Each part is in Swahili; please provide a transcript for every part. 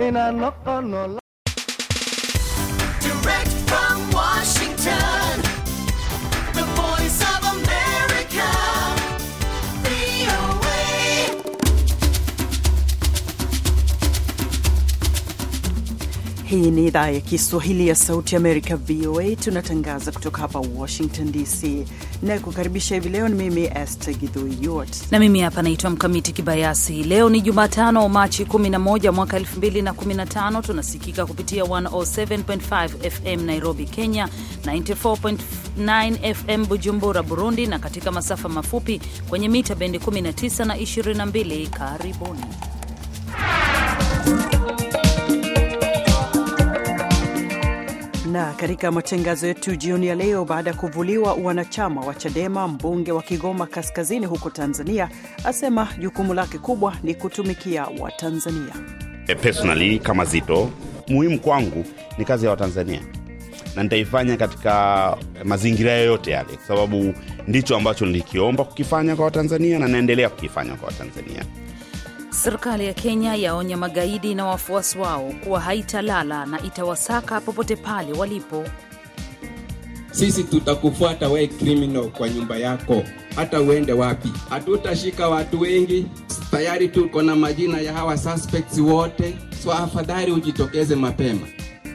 in a knock on Direct from Washington Hii ni idhaa ya Kiswahili ya Sauti Amerika, VOA. Tunatangaza kutoka hapa Washington DC na kukaribisha hivi leo. Ni mimi Esther Gidhuiyot na mimi hapa naitwa Mkamiti Kibayasi. Leo ni Jumatano, Machi 11 mwaka 2015. Tunasikika kupitia 107.5 FM Nairobi, Kenya, 94.9 FM Bujumbura, Burundi, na katika masafa mafupi kwenye mita bendi 19 na 22. Karibuni Na katika matangazo yetu jioni ya leo, baada ya kuvuliwa wanachama wa Chadema, mbunge wa Kigoma Kaskazini huko Tanzania asema jukumu lake kubwa ni kutumikia Watanzania. Eh, personally, kama Zito, muhimu kwangu ni kazi ya Watanzania na nitaifanya katika mazingira yoyote yale, kwa sababu ndicho ambacho nilikiomba kukifanya kwa Watanzania na naendelea kukifanya kwa Watanzania. Serikali ya Kenya yaonya magaidi na wafuasi wao kuwa haitalala na itawasaka popote pale walipo. Sisi tutakufuata wewe criminal kwa nyumba yako, hata uende wapi. Hatutashika watu wengi, tayari tuko na majina ya hawa suspects wote, so afadhali ujitokeze mapema.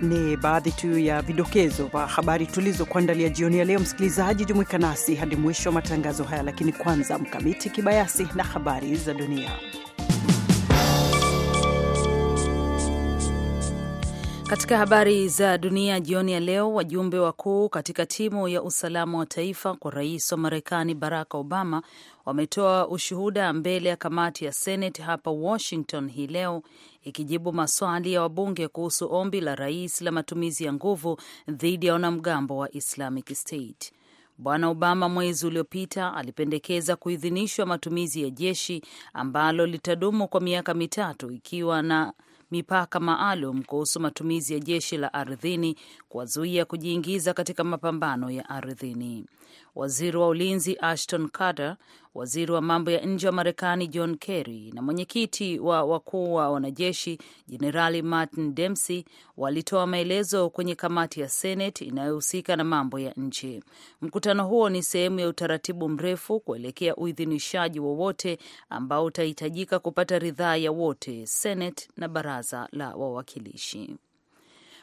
Ni baadhi tu ya vidokezo vya habari tulizokuandalia jioni ya leo. Msikilizaji, jumuika nasi hadi mwisho wa matangazo haya, lakini kwanza Mkamiti Kibayasi na habari za dunia. Katika habari za dunia jioni ya leo, wajumbe wakuu katika timu ya usalama wa taifa kwa rais wa Marekani Barack Obama wametoa ushuhuda mbele ya kamati ya Senate hapa Washington hii leo ikijibu maswali ya wabunge kuhusu ombi la rais la matumizi ya nguvu dhidi ya wanamgambo wa Islamic State. Bwana Obama mwezi uliopita alipendekeza kuidhinishwa matumizi ya jeshi ambalo litadumu kwa miaka mitatu ikiwa na mipaka maalum kuhusu matumizi ya jeshi la ardhini kuwazuia kujiingiza katika mapambano ya ardhini waziri wa ulinzi Ashton Carter, waziri wa mambo ya nje wa Marekani John Kerry na mwenyekiti wa wakuu wa wanajeshi Jenerali Martin Dempsey walitoa maelezo kwenye kamati ya Senate inayohusika na mambo ya nchi. Mkutano huo ni sehemu ya utaratibu mrefu kuelekea uidhinishaji wowote ambao utahitajika kupata ridhaa ya wote, Senate na baraza la wawakilishi.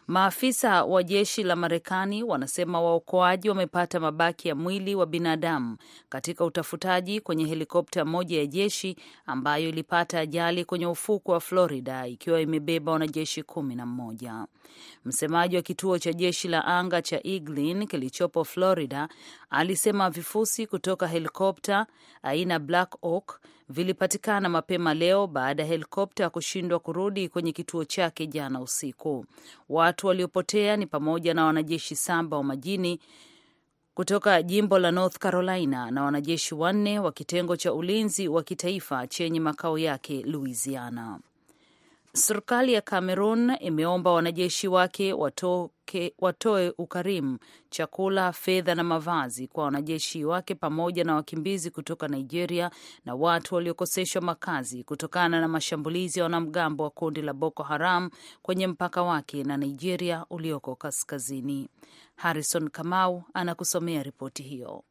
Maafisa wa jeshi la Marekani wanasema waokoaji wamepata mabaki ya mwili wa binadamu katika utafutaji kwenye helikopta moja ya jeshi ambayo ilipata ajali kwenye ufuko wa Florida ikiwa imebeba wanajeshi kumi na mmoja. Msemaji wa kituo cha jeshi la anga cha Eglin kilichopo Florida alisema vifusi kutoka helikopta aina Black Hawk vilipatikana mapema leo baada ya helikopta kushindwa kurudi kwenye kituo chake jana usiku. Watu waliopotea ni pamoja na wanajeshi saba wa majini kutoka jimbo la North Carolina na wanajeshi wanne wa kitengo cha ulinzi wa kitaifa chenye makao yake Louisiana. Serikali ya Cameroon imeomba wanajeshi wake watoke, watoe ukarimu, chakula, fedha na mavazi kwa wanajeshi wake pamoja na wakimbizi kutoka Nigeria na watu waliokoseshwa makazi kutokana na mashambulizi ya wanamgambo wa kundi la Boko Haram kwenye mpaka wake na Nigeria ulioko kaskazini. Harrison Kamau anakusomea ripoti hiyo.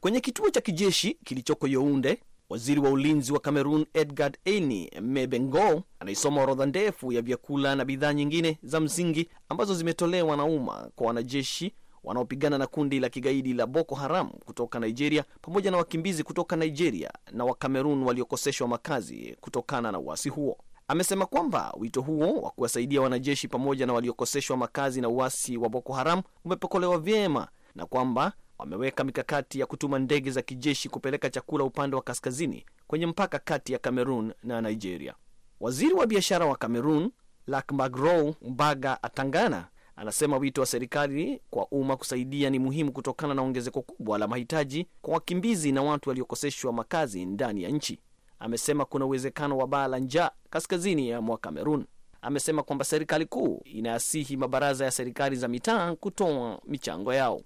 Kwenye kituo cha kijeshi kilichoko Younde, Waziri wa ulinzi wa Cameroon Edgard Eni Mebengo anaisoma orodha ndefu ya vyakula na bidhaa nyingine za msingi ambazo zimetolewa na umma kwa wanajeshi wanaopigana na kundi la kigaidi la Boko Haram kutoka Nigeria pamoja na wakimbizi kutoka Nigeria na Wakamerun waliokoseshwa makazi kutokana na uasi huo. Amesema kwamba wito huo wa kuwasaidia wanajeshi pamoja na waliokoseshwa makazi na uasi wa Boko Haram umepokolewa vyema na kwamba wameweka mikakati ya kutuma ndege za kijeshi kupeleka chakula upande wa kaskazini kwenye mpaka kati ya Cameroon na Nigeria. Waziri wa biashara wa Cameroon Lakmagro Mbaga Atangana anasema wito wa serikali kwa umma kusaidia ni muhimu kutokana na ongezeko kubwa la mahitaji kwa wakimbizi na watu waliokoseshwa makazi ndani ya nchi. Amesema kuna uwezekano wa baa la njaa kaskazini ya mwa Cameroon amesema kwamba serikali kuu inayasihi mabaraza ya serikali za mitaa kutoa michango yao.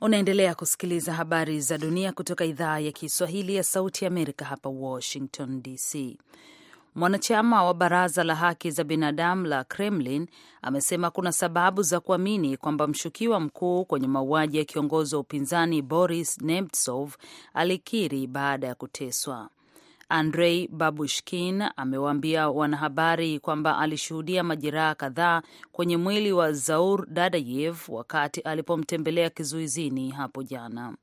Unaendelea kusikiliza habari za dunia kutoka idhaa ya Kiswahili ya Sauti ya Amerika hapa Washington DC. Mwanachama wa baraza la haki za binadamu la Kremlin amesema kuna sababu za kuamini kwamba mshukiwa mkuu kwenye mauaji ya kiongozi wa upinzani Boris Nemtsov alikiri baada ya kuteswa. Andrei Babushkin amewaambia wanahabari kwamba alishuhudia majeraha kadhaa kwenye mwili wa Zaur Dadayev wakati alipomtembelea kizuizini hapo jana.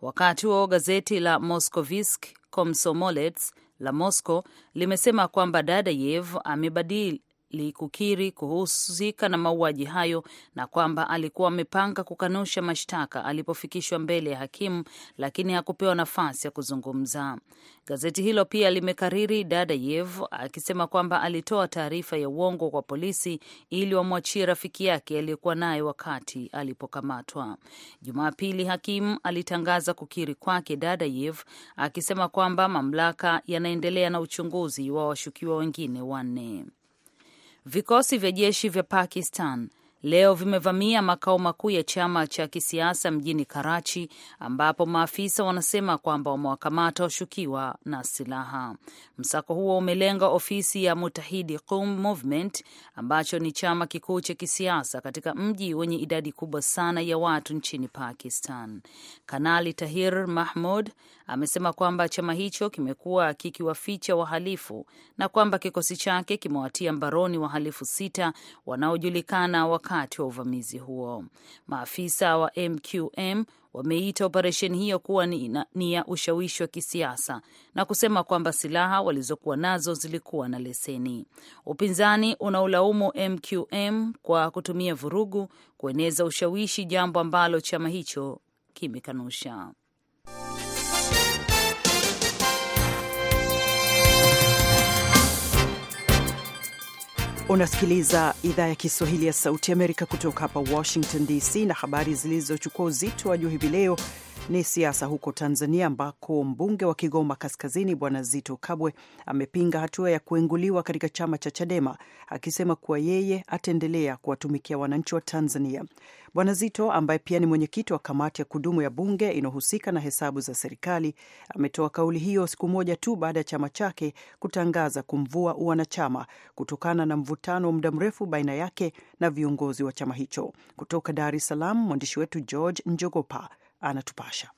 Wakati huo gazeti la Moskovisk Komsomolets la Moscow limesema kwamba Dadayev amebadili likukiri kuhusika na mauaji hayo na kwamba alikuwa amepanga kukanusha mashtaka alipofikishwa mbele ya hakimu, lakini hakupewa nafasi ya kuzungumza. Gazeti hilo pia limekariri Dadayev akisema kwamba alitoa taarifa ya uongo kwa polisi ili wamwachie rafiki yake aliyekuwa naye wakati alipokamatwa. Jumapili hakimu alitangaza kukiri kwake Dadayev akisema kwamba mamlaka yanaendelea na uchunguzi wa washukiwa wengine wanne. Vikosi vya jeshi vya Pakistan leo vimevamia makao makuu ya chama cha kisiasa mjini Karachi, ambapo maafisa wanasema kwamba wamewakamata washukiwa na silaha. Msako huo umelenga ofisi ya Mutahidi Qum Movement ambacho ni chama kikuu cha kisiasa katika mji wenye idadi kubwa sana ya watu nchini Pakistan. Kanali Tahir Mahmud amesema kwamba chama hicho kimekuwa kikiwaficha wahalifu na kwamba kikosi chake kimewatia mbaroni wahalifu sita wanaojulikana wakati wa uvamizi huo. Maafisa wa MQM wameita operesheni hiyo kuwa ni, ni ya ushawishi wa kisiasa na kusema kwamba silaha walizokuwa nazo zilikuwa na leseni. Upinzani unaulaumu MQM kwa kutumia vurugu kueneza ushawishi, jambo ambalo chama hicho kimekanusha. Unasikiliza idhaa ya Kiswahili ya Sauti Amerika kutoka hapa Washington DC, na habari zilizochukua uzito wa juu hivi leo ni siasa huko Tanzania ambako mbunge wa Kigoma Kaskazini Bwana Zito Kabwe amepinga hatua ya kuenguliwa katika chama cha Chadema akisema kuwa yeye ataendelea kuwatumikia wananchi wa Tanzania. Bwana Zito ambaye pia ni mwenyekiti wa kamati ya kudumu ya bunge inayohusika na hesabu za serikali ametoa kauli hiyo siku moja tu baada ya chama chake kutangaza kumvua uanachama kutokana na mvutano wa muda mrefu baina yake na viongozi wa chama hicho. Kutoka Dar es Salaam, mwandishi wetu George Njogopa anatupasha.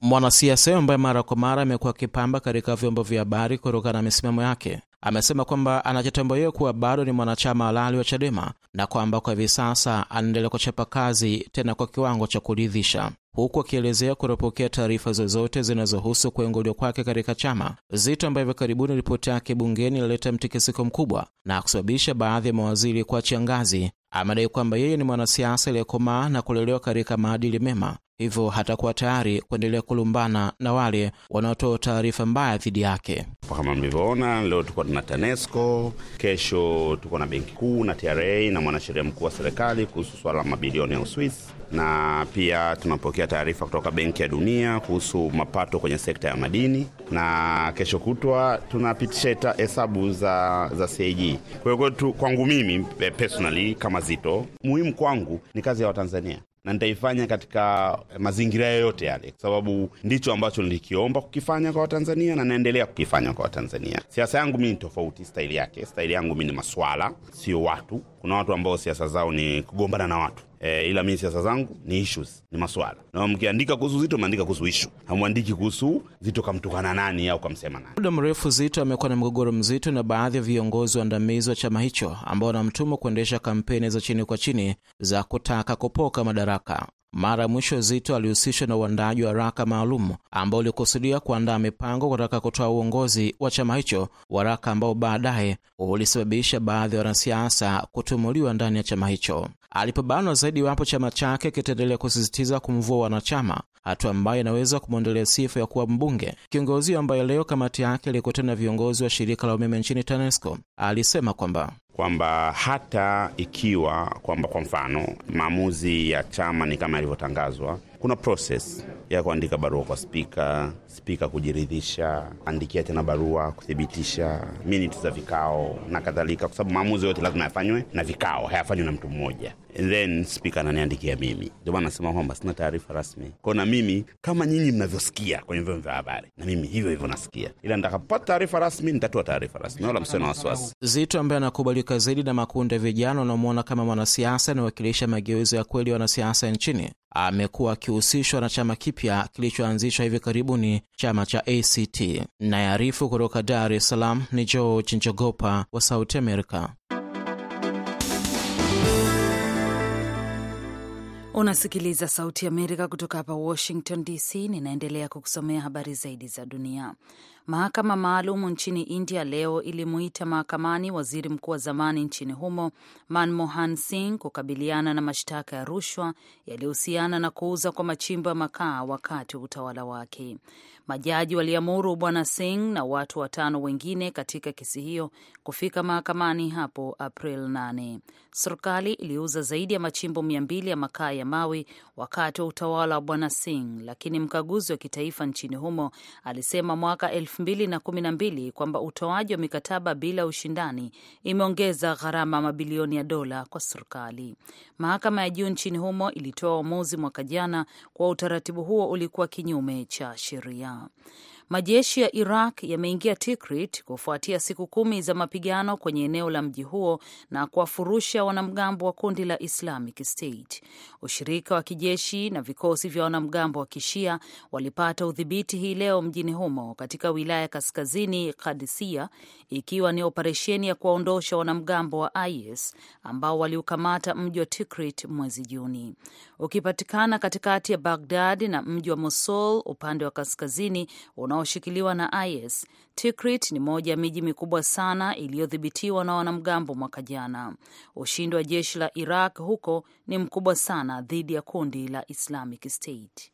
Mwanasiasa huyo ambaye mara kwa mara amekuwa akipamba katika vyombo vya habari kutokana na misimamo yake amesema kwamba anajitambulia kuwa bado ni mwanachama halali wa Chadema na kwamba kwa hivi sasa anaendelea kuchapa kazi tena kwa kiwango cha kuridhisha huku akielezea kutopokea taarifa zozote zinazohusu kuenguliwa kwake katika chama. Zito, ambaye hivi karibuni ripoti yake bungeni ilileta mtikisiko mkubwa na kusababisha baadhi ya mawaziri kuachia ngazi, amedai kwamba yeye ni mwanasiasa aliyekomaa na kulelewa katika maadili mema, hivyo hatakuwa tayari kuendelea kulumbana na wale wanaotoa taarifa mbaya dhidi yake. Kama mlivyoona leo, tuko na TANESCO, kesho tuko na benki kuu na TRA na mwanasheria mkuu wa serikali kuhusu swala la mabilioni ya Uswisi na pia tunapokea taarifa kutoka Benki ya Dunia kuhusu mapato kwenye sekta ya madini, na kesho kutwa tunapitisha hesabu za, za CAG. Kwa hiyo kwangu mimi eh, personally kama Zito, muhimu kwangu ni kazi ya Watanzania na nitaifanya katika mazingira yoyote yale, kwa sababu ndicho ambacho nilikiomba kukifanya kwa Watanzania na naendelea kukifanya kwa Watanzania. Siasa yangu mi ni tofauti, staili yake, staili yangu mi ni maswala, sio watu. Kuna watu ambao siasa zao ni kugombana na watu eh, ila mimi siasa zangu ni issues, ni maswala, na mkiandika kuhusu Zito umeandika kuhusu issue, hamwandiki kuhusu Zito kamtukana nani au kamsema nani. Muda mrefu Zito amekuwa na mgogoro mzito na baadhi ya viongozi waandamizi wa chama hicho ambao wanamtuma kuendesha kampeni za chini kwa chini za kutaka kupoka madaraka. Mara ya mwisho Zito alihusishwa na uandaji wa waraka maalum ambao ulikusudia kuandaa mipango kutaka kutoa uongozi wa chama hicho, waraka ambao baadaye ulisababisha baadhi ya wanasiasa kutumuliwa ndani ya chama hicho. Alipobanwa zaidi iwapo chama chake kitaendelea kusisitiza kumvua wanachama, hatua ambayo inaweza kumwondolea sifa ya kuwa mbunge, kiongozi ambaye leo kamati yake ilikutana na viongozi wa shirika la umeme nchini TANESCO alisema kwamba kwamba hata ikiwa kwamba kwa mfano maamuzi ya chama ni kama yalivyotangazwa kuna proses ya kuandika barua kwa spika, spika kujiridhisha, andikia tena barua kuthibitisha minutes za vikao na kadhalika, kwa sababu maamuzi yote lazima yafanywe na vikao, hayafanywi na mtu mmoja. And then spika ananiandikia mimi, ndio maana nasema kwamba sina taarifa rasmi ko na mimi kama nyinyi mnavyosikia kwenye vyombo vya habari, na mimi hivyo hivyo nasikia, ila ntakapata taarifa rasmi nitatoa taarifa rasmi, wala msio na wasiwasi. Zito ambaye anakubalika zaidi na makundi ya vijana wanaomwona kama mwanasiasa anawakilisha mageuzi ya kweli wanasiasa nchini amekuwa akihusishwa na chama kipya kilichoanzishwa hivi karibuni, chama cha ACT. Nayearifu kutoka Dar es Salaam ni George Njogopa wa Sauti Amerika. Unasikiliza Sauti Amerika kutoka hapa Washington DC. Ninaendelea kukusomea habari zaidi za dunia. Mahakama maalum nchini India leo ilimuita mahakamani waziri mkuu wa zamani nchini humo Manmohan Singh kukabiliana na mashtaka ya rushwa yaliyohusiana na kuuza kwa machimbo ya makaa wakati wa utawala wake. Majaji waliamuru bwana Singh na watu watano wengine katika kesi hiyo kufika mahakamani hapo April 8. Serikali iliuza zaidi ya machimbo mia mbili ya makaa ya mawe wakati wa utawala wa bwana Singh, lakini mkaguzi wa kitaifa nchini humo alisema mwaka elfu 2012 kwamba utoaji wa mikataba bila ushindani imeongeza gharama mabilioni ya dola kwa serikali. Mahakama ya juu nchini humo ilitoa uamuzi mwaka jana kwa utaratibu huo ulikuwa kinyume cha sheria. Majeshi ya Iraq yameingia Tikrit kufuatia siku kumi za mapigano kwenye eneo la mji huo na kuwafurusha wanamgambo wa kundi la Islamic State. Ushirika wa kijeshi na vikosi vya wanamgambo wa Kishia walipata udhibiti hii leo mjini humo katika wilaya kaskazini Kadisia, ikiwa ni operesheni ya kuwaondosha wanamgambo wa IS ambao waliukamata mji wa Tikrit mwezi Juni, ukipatikana katikati ya Bagdad na mji wa Mosul upande wa kaskazini una unaoshikiliwa na IS. Tikrit ni moja ya miji mikubwa sana iliyodhibitiwa na wanamgambo mwaka jana. Ushindi wa jeshi la Iraq huko ni mkubwa sana dhidi ya kundi la Islamic State.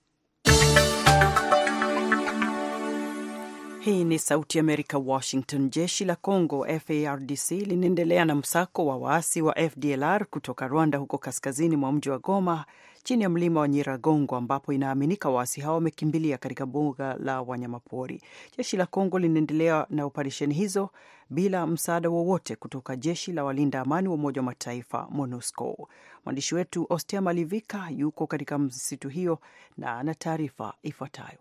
Hii ni Sauti ya Amerika, Washington. Jeshi la Congo FARDC linaendelea na msako wa waasi wa FDLR kutoka Rwanda, huko kaskazini mwa mji wa Goma chini ya mlima wa Nyiragongo ambapo inaaminika waasi hao wamekimbilia katika mbuga la wanyamapori. Jeshi la Kongo linaendelea na operesheni hizo bila msaada wowote kutoka jeshi la walinda amani wa Umoja wa Mataifa, MONUSCO. Mwandishi wetu Ostea Malivika yuko katika msitu hiyo na ana taarifa ifuatayo.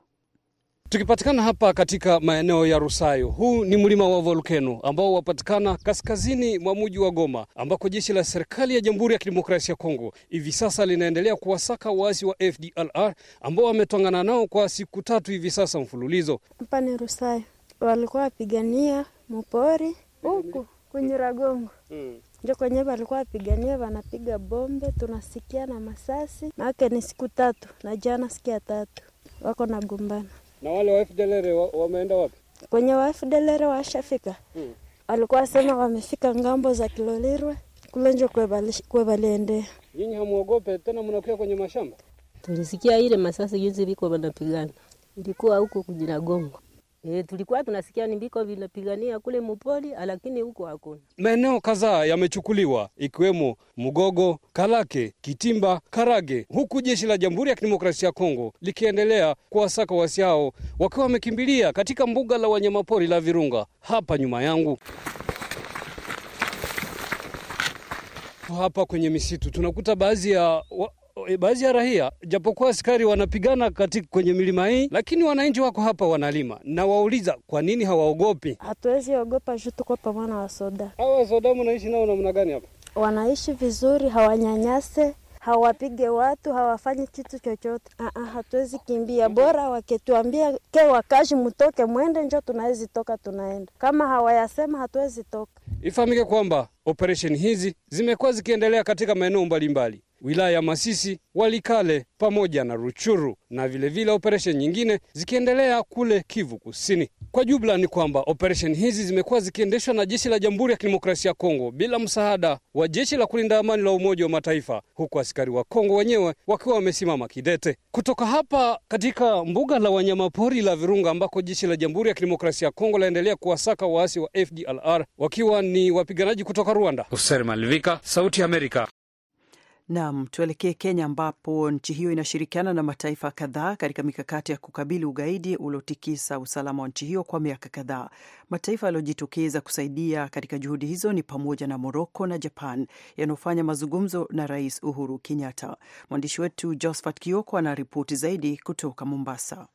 Tukipatikana hapa katika maeneo ya Rusayo, huu ni mlima wa volkeno ambao wapatikana kaskazini mwa mji wa Goma, ambako jeshi la serikali ya Jamhuri ya Kidemokrasia ya Kongo hivi sasa linaendelea kuwasaka waasi wa FDLR ambao wametwangana nao kwa siku tatu hivi sasa mfululizo. Hapa ni Rusayo, walikuwa wapigania mpori huku kwenye Ragongo mm. Ndio kwenye walikuwa wapigania, wanapiga bombe, tunasikia na masasi maake. Ni siku tatu na jana siku ya tatu wako na gombana na wale wa FDLR wameenda wapi? Kwenye wa FDLR washafika. Hmm. Walikuwa sema wamefika ngambo za Kilolirwe kulenjo kwevaliendea. Nyinyi hamuogope tena, mnakuwa kwenye mashamba? Tulisikia ile masasi juzi viko wanapigana, ilikuwa huko kujina Gongo. E, tulikuwa tunasikia biko vinapigania kule Mupoli, lakini huko hakuna. Maeneo kadhaa yamechukuliwa ikiwemo Mugogo, Kalake, Kitimba, Karage, huku jeshi la Jamhuri ya Kidemokrasia ya Kongo likiendelea kuwasaka wasi hao wakiwa wamekimbilia katika mbuga la wanyamapori la Virunga hapa nyuma yangu. Hapa kwenye misitu tunakuta baadhi ya Eh, baadhi ya raia, japokuwa askari wanapigana katika kwenye milima hii, lakini wananchi wako hapa wanalima, na wauliza kwa nini hawaogopi. Hatuwezi ogopa juu tuko pamoja na wasoda. Hawa wasoda mnaishi nao namna gani hapa? Wanaishi vizuri, hawanyanyase hawapige watu, hawafanyi kitu chochote. -uh, hatuwezi kimbia, bora wakituambia ke wakazi mtoke mwende, njo tunawezi toka, tunaenda. Kama hawayasema hatuwezi toka. Ifahamike kwamba operesheni hizi zimekuwa zikiendelea katika maeneo mbalimbali wilaya ya Masisi, Walikale pamoja na Ruchuru na vilevile operesheni nyingine zikiendelea kule Kivu Kusini. Kwa jumla ni kwamba operesheni hizi zimekuwa zikiendeshwa na jeshi la Jamhuri ya Kidemokrasia ya Kongo bila msaada wa jeshi la kulinda amani la Umoja wa Mataifa, huku askari wa Kongo wenyewe wakiwa wamesimama kidete. Kutoka hapa katika mbuga la wanyamapori la Virunga ambako jeshi la Jamhuri ya Kidemokrasia ya Kongo laendelea kuwasaka waasi wa FDLR wakiwa ni wapiganaji kutoka Rwanda. Sauti ya Amerika. Nam, tuelekee Kenya ambapo nchi hiyo inashirikiana na mataifa kadhaa katika mikakati ya kukabili ugaidi uliotikisa usalama wa nchi hiyo kwa miaka kadhaa. Mataifa yaliyojitokeza kusaidia katika juhudi hizo ni pamoja na Moroko na Japan yanayofanya mazungumzo na Rais Uhuru Kenyatta. Mwandishi wetu Josphat Kioko ana ripoti zaidi kutoka Mombasa.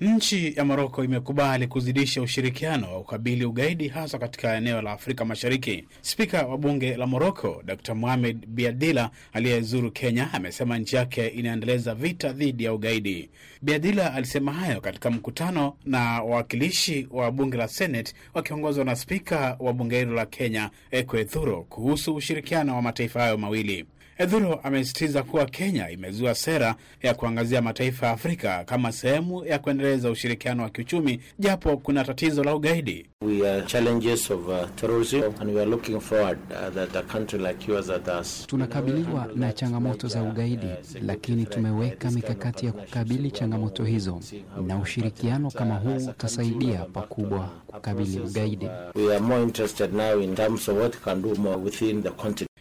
Nchi ya Moroko imekubali kuzidisha ushirikiano wa ukabili ugaidi hasa katika eneo la Afrika Mashariki. Spika wa bunge la Moroko Dr Mohamed Biadila aliyezuru Kenya amesema nchi yake inaendeleza vita dhidi ya ugaidi. Biadila alisema hayo katika mkutano na wawakilishi wa bunge la senet wakiongozwa na spika wa bunge hilo la Kenya Ekwe Thuro kuhusu ushirikiano wa mataifa hayo mawili. Edhuru amesisitiza kuwa Kenya imezua sera ya kuangazia mataifa ya Afrika kama sehemu ya kuendeleza ushirikiano wa kiuchumi, japo kuna tatizo la ugaidi. Tunakabiliwa na changamoto za ugaidi, lakini tumeweka mikakati ya kukabili changamoto hizo, na ushirikiano kama huu utasaidia pakubwa kukabili ugaidi.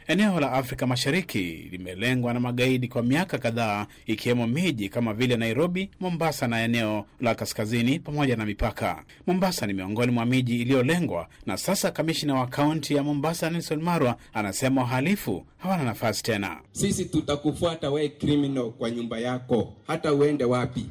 Eneo la Afrika Mashariki limelengwa na magaidi kwa miaka kadhaa, ikiwemo miji kama vile Nairobi, Mombasa na eneo la kaskazini pamoja na mipaka. Mombasa ni miongoni mwa miji iliyolengwa, na sasa kamishina wa kaunti ya Mombasa Nelson Marwa anasema wahalifu hawana nafasi tena. Sisi tutakufuata we criminal kwa nyumba yako, hata uende wapi.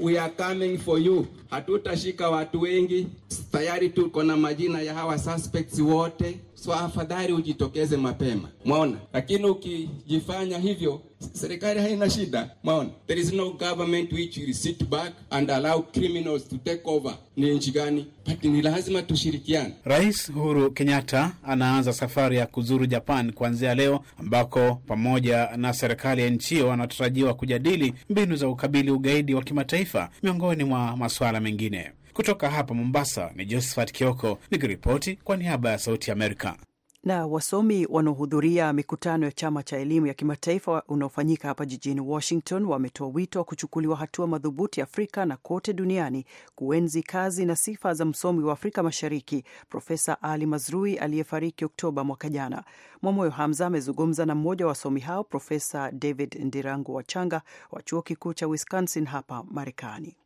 We are coming for you. Hatutashika watu wengi, tayari tuko na majina ya hawa suspects wote so afadhali ujitokeze mapema, mwaona. Lakini ukijifanya hivyo, serikali haina shida, mwaona. There is no government which will sit back and allow criminals to take over. Ni nchi gani? But ni lazima tushirikiane. Rais Uhuru Kenyatta anaanza safari ya kuzuru Japan kuanzia leo, ambako pamoja na serikali ya nchi hiyo anatarajiwa kujadili mbinu za ukabili ugaidi wa kimataifa, miongoni mwa masuala mengine. Kutoka hapa Mombasa ni Josephat Kioko nikiripoti kwa niaba ya Sauti Amerika. Na wasomi wanaohudhuria mikutano ya chama cha elimu ya kimataifa unaofanyika hapa jijini Washington wametoa wito wa kuchukuliwa hatua madhubuti Afrika na kote duniani kuenzi kazi na sifa za msomi wa Afrika Mashariki Profesa Ali Mazrui aliyefariki Oktoba mwaka jana. Mwamoyo Hamza amezungumza na mmoja wa wasomi hao, Profesa David Ndirangu Wachanga wa chuo kikuu cha Wisconsin hapa Marekani.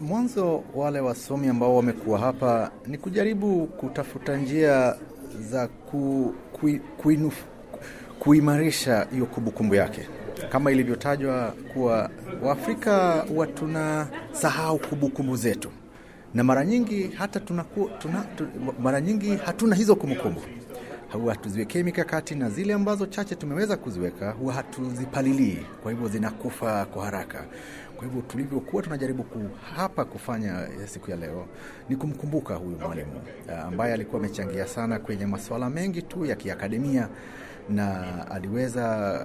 Mwanzo wale wasomi ambao wamekuwa hapa ni kujaribu kutafuta njia za ku, ku, kuinu, kuimarisha hiyo kumbukumbu yake kama ilivyotajwa kuwa Waafrika huwa tunasahau kumbukumbu zetu, na mara nyingi hata tunaku, tuna, tu, mara nyingi hatuna hizo kumbukumbu, huwa hatuziwekei mikakati, na zile ambazo chache tumeweza kuziweka huwa hatuzipalilii, kwa hivyo zinakufa kwa haraka. Kwa hivyo tulivyokuwa tunajaribu hapa kufanya siku ya leo ni kumkumbuka huyu mwalimu eh, ambaye alikuwa amechangia sana kwenye masuala mengi tu ya kiakademia na aliweza,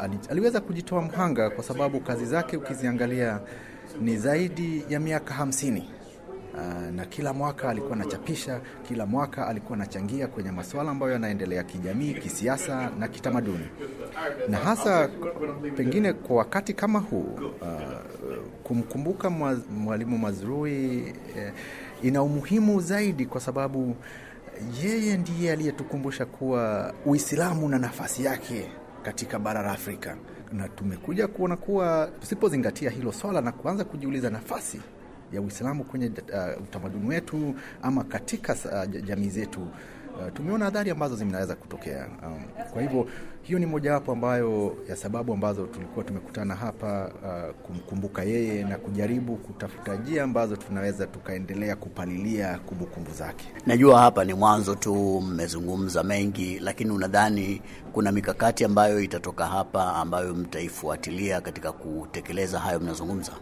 uh, aliweza kujitoa mhanga kwa sababu kazi zake ukiziangalia ni zaidi ya miaka hamsini Ah, na kila mwaka alikuwa anachapisha, kila mwaka alikuwa anachangia kwenye masuala ambayo yanaendelea kijamii, kisiasa na kitamaduni, na hasa pengine kwa wakati kama huu ah, kumkumbuka Mwalimu Mazrui eh, ina umuhimu zaidi kwa sababu yeye ndiye aliyetukumbusha kuwa Uislamu na nafasi yake katika bara la Afrika, na tumekuja kuona kuwa tusipozingatia hilo swala na kuanza kujiuliza nafasi ya Uislamu kwenye uh, utamaduni wetu ama katika uh, jamii zetu uh, tumeona adhari ambazo zinaweza kutokea. Um, kwa hivyo hiyo ni mojawapo ambayo ya sababu ambazo tulikuwa tumekutana hapa uh, kumkumbuka yeye na kujaribu kutafuta njia ambazo tunaweza tukaendelea kupalilia kumbukumbu zake. Najua hapa ni mwanzo tu, mmezungumza mengi, lakini unadhani kuna mikakati ambayo itatoka hapa ambayo mtaifuatilia katika kutekeleza hayo mnazungumza?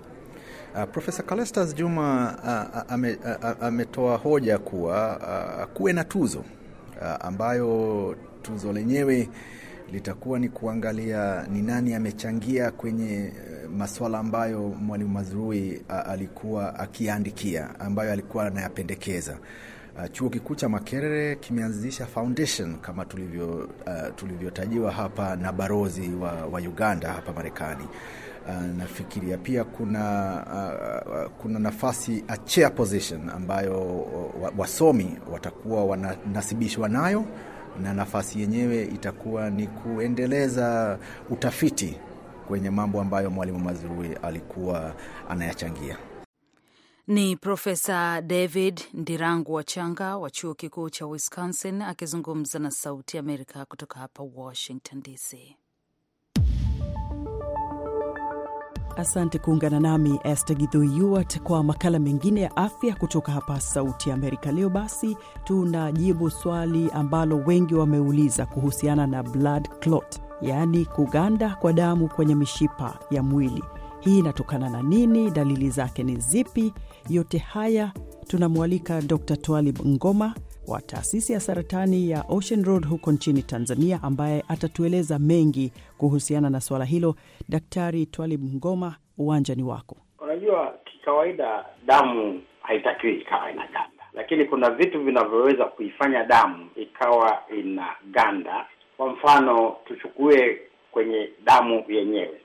Uh, Profesa Kalestas Juma uh, uh ame, uh, uh, ametoa hoja kuwa uh, kuwe na tuzo uh, ambayo tuzo lenyewe litakuwa ni kuangalia ni nani amechangia kwenye uh, masuala ambayo Mwalimu Mazrui uh, alikuwa akiandikia ambayo alikuwa anayapendekeza. Uh, Chuo Kikuu cha Makerere kimeanzisha foundation kama tulivyo, uh, tulivyotajiwa hapa na barozi wa, wa Uganda hapa Marekani. Ah, nafikiria pia kuna uh, kuna nafasi a chair position ambayo wasomi watakuwa wananasibishwa nayo, na nafasi yenyewe itakuwa ni kuendeleza utafiti kwenye mambo ambayo Mwalimu mazurui alikuwa anayachangia. Ni Profesa David Ndirangu Wachanga wa chuo kikuu cha Wisconsin akizungumza na Sauti Amerika kutoka hapa Washington DC. Asante kuungana nami Esther kwa makala mengine ya afya kutoka hapa Sauti ya Amerika. Leo basi tunajibu swali ambalo wengi wameuliza kuhusiana na blood clot, yaani kuganda kwa damu kwenye mishipa ya mwili. Hii inatokana na nini? Dalili zake ni zipi? Yote haya tunamwalika Dr Twalib Ngoma wa taasisi ya saratani ya Ocean Road huko nchini Tanzania, ambaye atatueleza mengi kuhusiana na suala hilo. Daktari Twalib Ngoma, uwanja ni wako. Unajua, kikawaida damu haitakiwi ikawa inaganda, lakini kuna vitu vinavyoweza kuifanya damu ikawa inaganda. Kwa mfano, tuchukue kwenye damu yenyewe,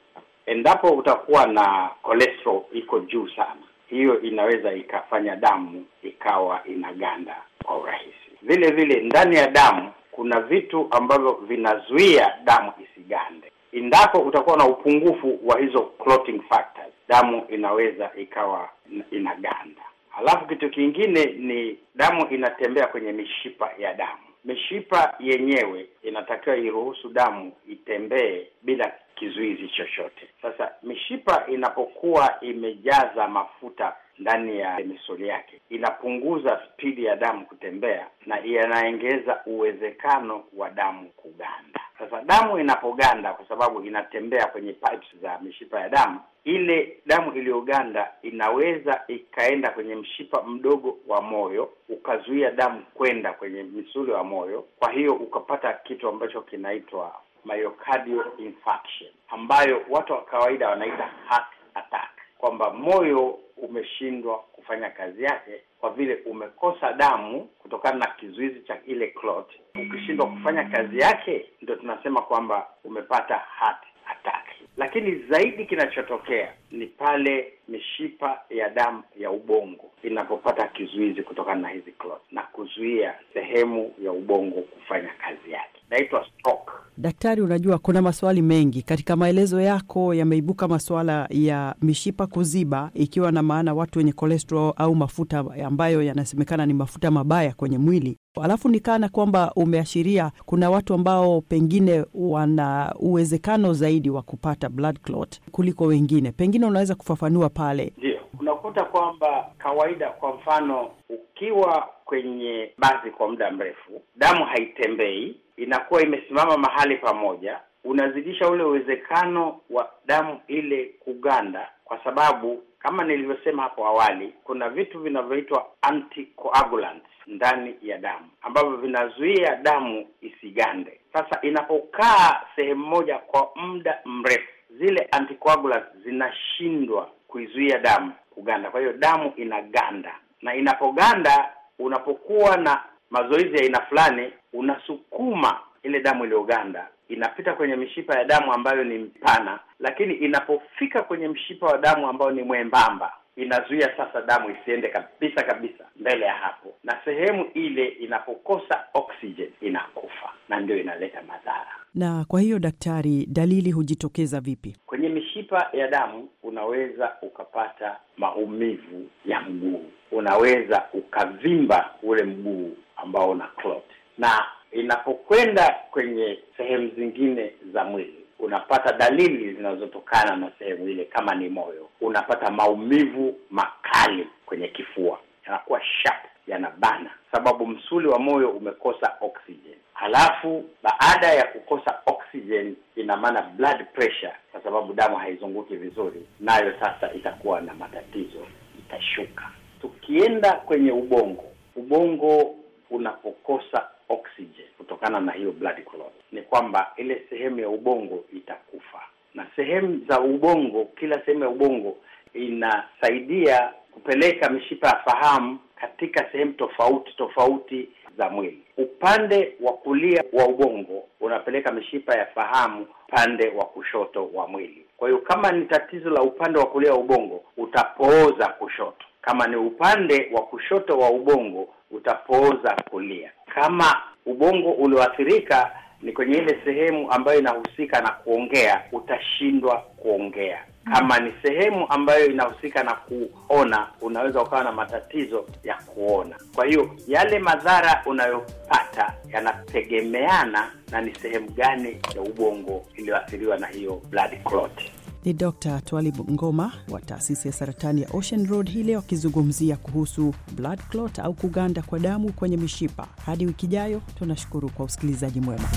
endapo utakuwa na kolestro iko juu sana hiyo inaweza ikafanya damu ikawa inaganda kwa urahisi. Vile vile ndani ya damu kuna vitu ambavyo vinazuia damu isigande. Endapo utakuwa na upungufu wa hizo clotting factors, damu inaweza ikawa inaganda. alafu kitu kingine ni damu inatembea kwenye mishipa ya damu mishipa yenyewe inatakiwa iruhusu damu itembee bila kizuizi chochote. Sasa mishipa inapokuwa imejaza mafuta ndani ya misuli yake inapunguza spidi ya damu kutembea na inaengeza uwezekano wa damu kuganda. Sasa damu inapoganda, kwa sababu inatembea kwenye pipes za mishipa ya damu, ile damu iliyoganda inaweza ikaenda kwenye mshipa mdogo wa moyo, ukazuia damu kwenda kwenye misuli wa moyo, kwa hiyo ukapata kitu ambacho kinaitwa myocardial infarction, ambayo watu wa kawaida wanaita heart attack, kwamba moyo umeshindwa kufanya kazi yake kwa vile umekosa damu kutokana na kizuizi cha ile clot. Ukishindwa kufanya kazi yake, ndio tunasema kwamba umepata heart attack. Lakini zaidi kinachotokea ni pale mishipa ya damu ya ubongo inapopata kizuizi kutokana na hizi clots na kuzuia sehemu ya ubongo kufanya kazi yake, naitwa stroke. Daktari, unajua kuna maswali mengi katika maelezo yako, yameibuka masuala ya mishipa kuziba, ikiwa na maana watu wenye cholesterol au mafuta ambayo yanasemekana ni mafuta mabaya kwenye mwili. Alafu nikaana kwamba umeashiria kuna watu ambao pengine wana uwezekano zaidi wa kupata blood clot kuliko wengine pengine pengine unaweza kufafanua pale? Ndio, unakuta kwamba kawaida, kwa mfano, ukiwa kwenye basi kwa muda mrefu, damu haitembei, inakuwa imesimama mahali pamoja, unazidisha ule uwezekano wa damu ile kuganda, kwa sababu kama nilivyosema hapo awali, kuna vitu vinavyoitwa anticoagulants ndani ya damu ambavyo vinazuia damu isigande. Sasa inapokaa sehemu moja kwa muda mrefu zile anticoagulants zinashindwa kuizuia damu kuganda, kwa hiyo damu inaganda, na inapoganda, unapokuwa na mazoezi ya aina fulani, unasukuma ile damu iliyoganda inapita kwenye mishipa ya damu ambayo ni mpana, lakini inapofika kwenye mshipa wa damu ambao ni mwembamba, inazuia sasa damu isiende kabisa kabisa mbele ya hapo, na sehemu ile inapokosa oxygen inakufa, na ndio inaleta madhara. Na kwa hiyo, daktari, dalili hujitokeza vipi? Kwenye mishipa ya damu unaweza ukapata maumivu ya mguu, unaweza ukavimba ule mguu ambao una clot, na inapokwenda kwenye sehemu zingine za mwili unapata dalili zinazotokana na sehemu ile, kama ni moyo, unapata maumivu makali kwenye kifua, yanakuwa sharp, yanabana, sababu msuli wa moyo umekosa oxygen. Halafu baada ya kukosa oxygen, ina maana blood pressure, kwa sababu damu haizunguki vizuri, nayo sasa itakuwa na matatizo, itashuka. Tukienda kwenye ubongo, ubongo unapokosa oxygen kutokana na hiyo blood clot, ni kwamba ile sehemu ya ubongo itakufa. Na sehemu za ubongo, kila sehemu ya ubongo inasaidia kupeleka mishipa ya fahamu katika sehemu tofauti tofauti za mwili. Upande wa kulia wa ubongo unapeleka mishipa ya fahamu upande wa kushoto wa mwili. Kwa hiyo kama ni tatizo la upande wa kulia wa ubongo, utapooza kushoto. Kama ni upande wa kushoto wa ubongo, utapooza kulia kama ubongo ulioathirika ni kwenye ile sehemu ambayo inahusika na kuongea, utashindwa kuongea. Kama ni sehemu ambayo inahusika na kuona, unaweza ukawa na matatizo ya kuona. Kwa hiyo yale madhara unayopata yanategemeana na ni sehemu gani ya ubongo iliyoathiriwa na hiyo blood clot ni Dr Twalib Ngoma wa taasisi ya saratani ya Ocean Road hii leo akizungumzia kuhusu blood clot au kuganda kwa damu kwenye mishipa. Hadi wiki ijayo, tunashukuru kwa usikilizaji mwema.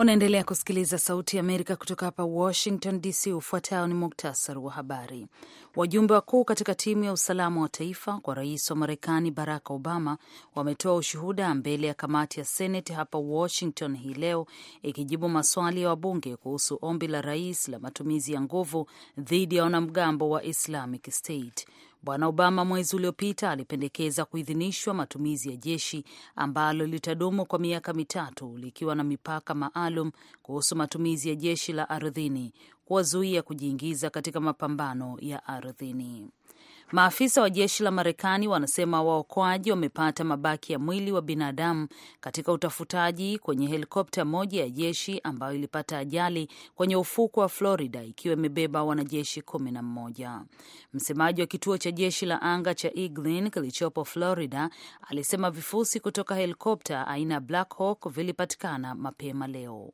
Unaendelea kusikiliza Sauti ya Amerika kutoka hapa Washington DC. Ufuatao ni muktasari wa habari. Wajumbe wakuu katika timu ya usalama wa taifa kwa rais wa Marekani Barack Obama wametoa ushuhuda mbele ya kamati ya Seneti hapa Washington hii leo, ikijibu maswali ya wa wabunge kuhusu ombi la rais la matumizi ya nguvu dhidi ya wanamgambo wa Islamic State. Bwana Obama mwezi uliopita alipendekeza kuidhinishwa matumizi ya jeshi ambalo litadumu kwa miaka mitatu likiwa na mipaka maalum kuhusu matumizi ya jeshi la ardhini kuwazuia kujiingiza katika mapambano ya ardhini. Maafisa wa jeshi la Marekani wanasema waokoaji wamepata mabaki ya mwili wa binadamu katika utafutaji kwenye helikopta moja ya jeshi ambayo ilipata ajali kwenye ufuko wa Florida ikiwa imebeba wanajeshi kumi na mmoja. Msemaji wa kituo cha jeshi la anga cha Eglin kilichopo Florida alisema vifusi kutoka helikopta aina ya Black Hawk vilipatikana mapema leo.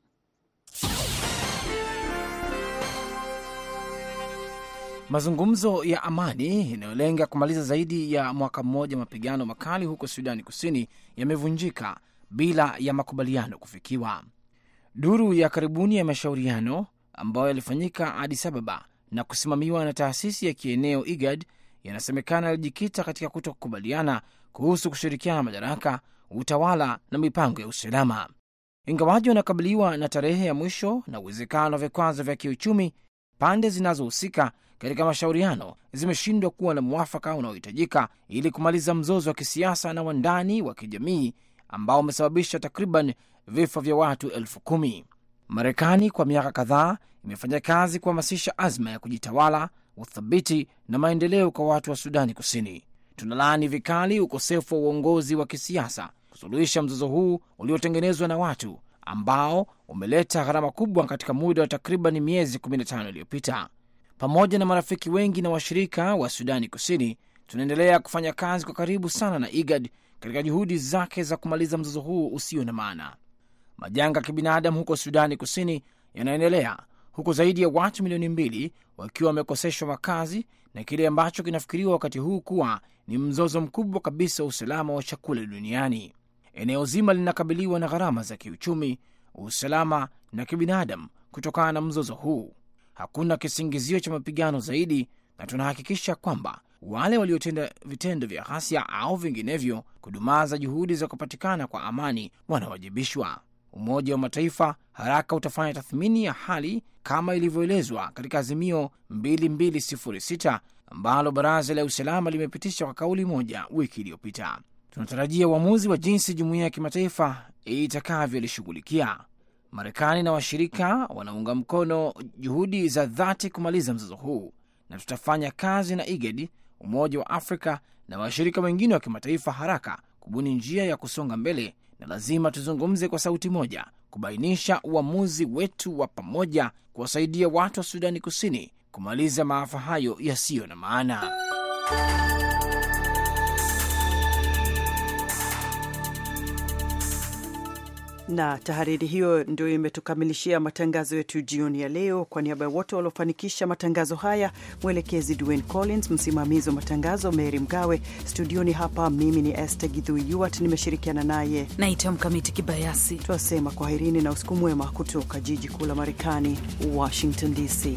mazungumzo ya amani yanayolenga kumaliza zaidi ya mwaka mmoja mapigano makali huko Sudani Kusini yamevunjika bila ya makubaliano kufikiwa. Duru ya karibuni ya mashauriano ambayo yalifanyika Addis Ababa na kusimamiwa na taasisi ya kieneo IGAD yanasemekana yalijikita katika kutokukubaliana kuhusu kushirikiana madaraka, utawala na mipango ya usalama. Ingawaji wanakabiliwa na tarehe ya mwisho na uwezekano wa vikwazo vya kiuchumi, pande zinazohusika katika mashauriano zimeshindwa kuwa na mwafaka unaohitajika ili kumaliza mzozo wa kisiasa na wandani wa kijamii ambao umesababisha takriban vifo vya watu elfu kumi. Marekani kwa miaka kadhaa imefanya kazi kuhamasisha azma ya kujitawala, uthabiti na maendeleo kwa watu wa Sudani Kusini. Tunalaani vikali ukosefu wa uongozi wa kisiasa kusuluhisha mzozo huu uliotengenezwa na watu ambao umeleta gharama kubwa katika muda wa takriban miezi 15 iliyopita. Pamoja na marafiki wengi na washirika wa Sudani Kusini, tunaendelea kufanya kazi kwa karibu sana na IGAD katika juhudi zake za kumaliza mzozo huu usio na maana. Majanga ya kibinadamu huko Sudani Kusini yanaendelea huku zaidi ya watu milioni mbili wakiwa wamekoseshwa makazi na kile ambacho kinafikiriwa wakati huu kuwa ni mzozo mkubwa kabisa wa usalama wa chakula duniani. Eneo zima linakabiliwa na gharama za kiuchumi, usalama na kibinadamu kutokana na mzozo huu hakuna kisingizio cha mapigano zaidi, na tunahakikisha kwamba wale waliotenda vitendo vya ghasia au vinginevyo kudumaza juhudi za kupatikana kwa amani wanawajibishwa. Umoja wa Mataifa haraka utafanya tathmini ya hali kama ilivyoelezwa katika azimio 2206 ambalo baraza la usalama limepitisha kwa kauli moja wiki iliyopita. Tunatarajia uamuzi wa jinsi jumuiya ya kimataifa itakavyolishughulikia. Marekani na washirika wanaunga mkono juhudi za dhati kumaliza mzozo huu na tutafanya kazi na IGAD, Umoja wa Afrika na washirika wengine wa kimataifa haraka kubuni njia ya kusonga mbele, na lazima tuzungumze kwa sauti moja kubainisha uamuzi wetu wa pamoja kuwasaidia watu wa Sudani Kusini kumaliza maafa hayo yasiyo na maana. na tahariri hiyo ndio imetukamilishia matangazo yetu jioni ya leo. Kwa niaba ya wote waliofanikisha matangazo haya, mwelekezi Dwayne Collins, msimamizi wa matangazo Mary Mgawe, studioni hapa mimi ni Esther Githui Yuart, nimeshirikiana naye naita Mkamiti Kibayasi. Twasema kwaherini na usiku mwema kutoka jiji kuu la Marekani, Washington DC.